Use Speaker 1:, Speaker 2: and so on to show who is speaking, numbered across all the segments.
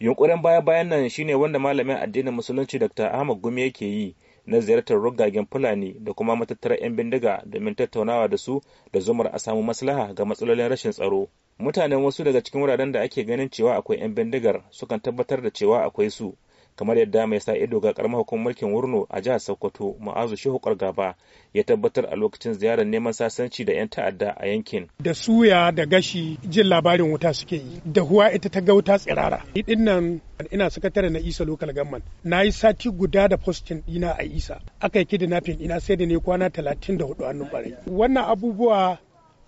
Speaker 1: yunkurin baya bayan nan shine wanda malamin addinin musulunci dr ahmad gumi yake yi na ziyartar ruggagen fulani da kuma matattarar 'yan bindiga domin tattaunawa da su da zumar a samu maslaha ga matsalolin rashin tsaro mutanen wasu daga cikin wuraren da ake ganin cewa akwai 'yan bindigar sukan tabbatar da cewa akwai su kamar yadda mai sa ido ga karamar hukumar mulkin wurno a jihar sokoto ma'azu shehu gaba ya tabbatar a lokacin ziyarar neman sasanci da 'yan ta'adda a yankin
Speaker 2: da suya da gashi jin labarin wuta suke yi da huwa ita ta gauta tsirara ni nan ina sakatare na isa local government na yi sati guda da postin dina a isa aka yi kidnapping ina sai da ne kwana talatin da 34 hannun barai wannan abubuwa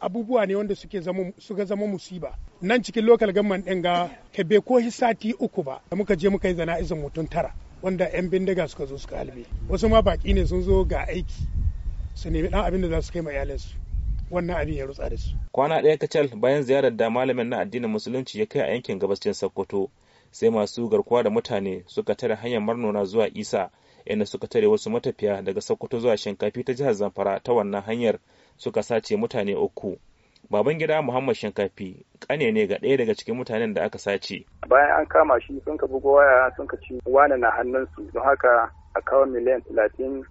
Speaker 2: abubuwa ne wanda suke zama suka zama musiba nan cikin lokal government din ga be ko sati uku ba da muka je muka yi zana zana'izan mutum tara wanda yan bindiga suka zo suka halbe wasu ma baki ne sun zo ga aiki su nemi dan abin da za su kai ma su wannan abin ya rutsa da su
Speaker 1: kwana ɗaya kacal bayan ziyarar da malamin na addinin musulunci ya kai a yankin gabashin sokoto sai masu garkuwa da mutane suka tare hanyar marnona zuwa isa inda suka tare wasu matafiya daga sokoto zuwa shinkafi ta jihar zamfara ta wannan hanyar suka sace mutane uku baban gida muhammad shinkafi kane ne ga ɗaya daga cikin mutanen da aka sace
Speaker 3: bayan an kama shi sun ka bugo waya sun ka ci wani na hannunsu don haka a kawo miliyan talatin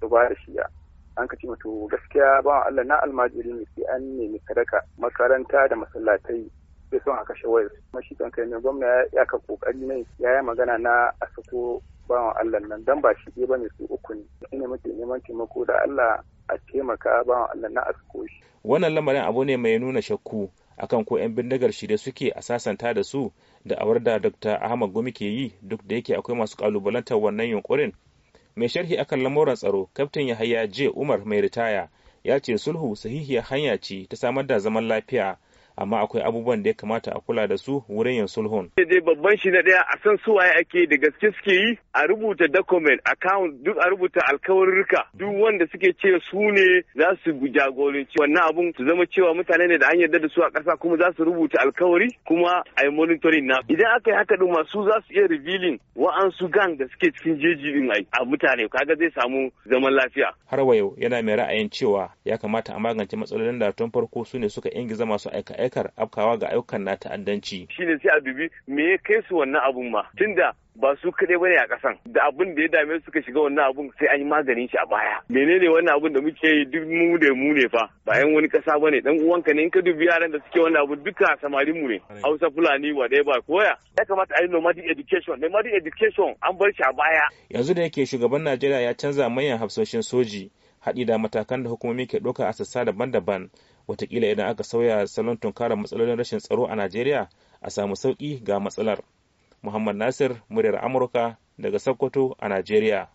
Speaker 3: su ba shi ya an ka ci mutu gaskiya bawan allah na almajiri ne sai an nemi sadaka makaranta da masallatai sai sun haka shawar kuma shi kan kai ne gwamna ya ka kokari ne ya yi magana na a sako bawan Allah nan dan ba shi ba ne su uku ne ina muke neman taimako da Allah a taimaka bawan Allah na asko shi
Speaker 1: wannan lamarin abu ne mai nuna shakku akan ko 'yan bindigar da suke a sasanta da su da awar da Dr. Ahmad Gumi ke yi duk da yake akwai masu kalubalantar wannan yunkurin mai sharhi akan lamuran tsaro kaftin Yahaya J Umar mai ritaya ya ce sulhu sahihiyar hanya ce ta samar da zaman lafiya amma akwai abubuwan da ya kamata a kula da su wurin yin sulhun.
Speaker 4: dai babban shi na ɗaya a san su waye ake da gaske suke yi a rubuta document account duk a rubuta alkawarurruka duk wanda suke ce su ne za su jagoranci wannan abun su zama cewa mutane ne da an yarda da su a ƙasa kuma za su rubuta alkawari kuma a yi monitoring na idan aka yi haka ɗin masu za su iya revealing wa'ansu gang da suke cikin jeji din a mutane kaga zai samu zaman lafiya.
Speaker 1: Har wa yana mai ra'ayin cewa ya kamata a magance matsalolin da tun farko su ne suka ingiza masu aika ma'aikar afkawa ga ayyukan na ta'addanci
Speaker 4: shi ne sai a bibi me ya kai su wannan abun ma tunda ba su kaɗai bane a ƙasan da abin da ya dame su suka shiga wannan abun sai an yi maganin shi a baya menene wannan abun da muke yi duk mu da mu ne fa ba yan wani ƙasa ne dan uwanka ne in ka dubi yaran da suke wannan abun duka samarin mu ne Hausa Fulani wa ba koya ya kamata a yi nomadic education nomadic education an bar shi a baya
Speaker 1: yanzu da yake shugaban Najeriya ya canza manyan hafsoshin soji haɗi da matakan da hukumomi ke ɗauka a sassa daban-daban watakila idan aka sauya salon tunkarar matsalolin rashin tsaro a najeriya a samu sauƙi ga matsalar muhammad nasir muryar amurka daga sokoto a najeriya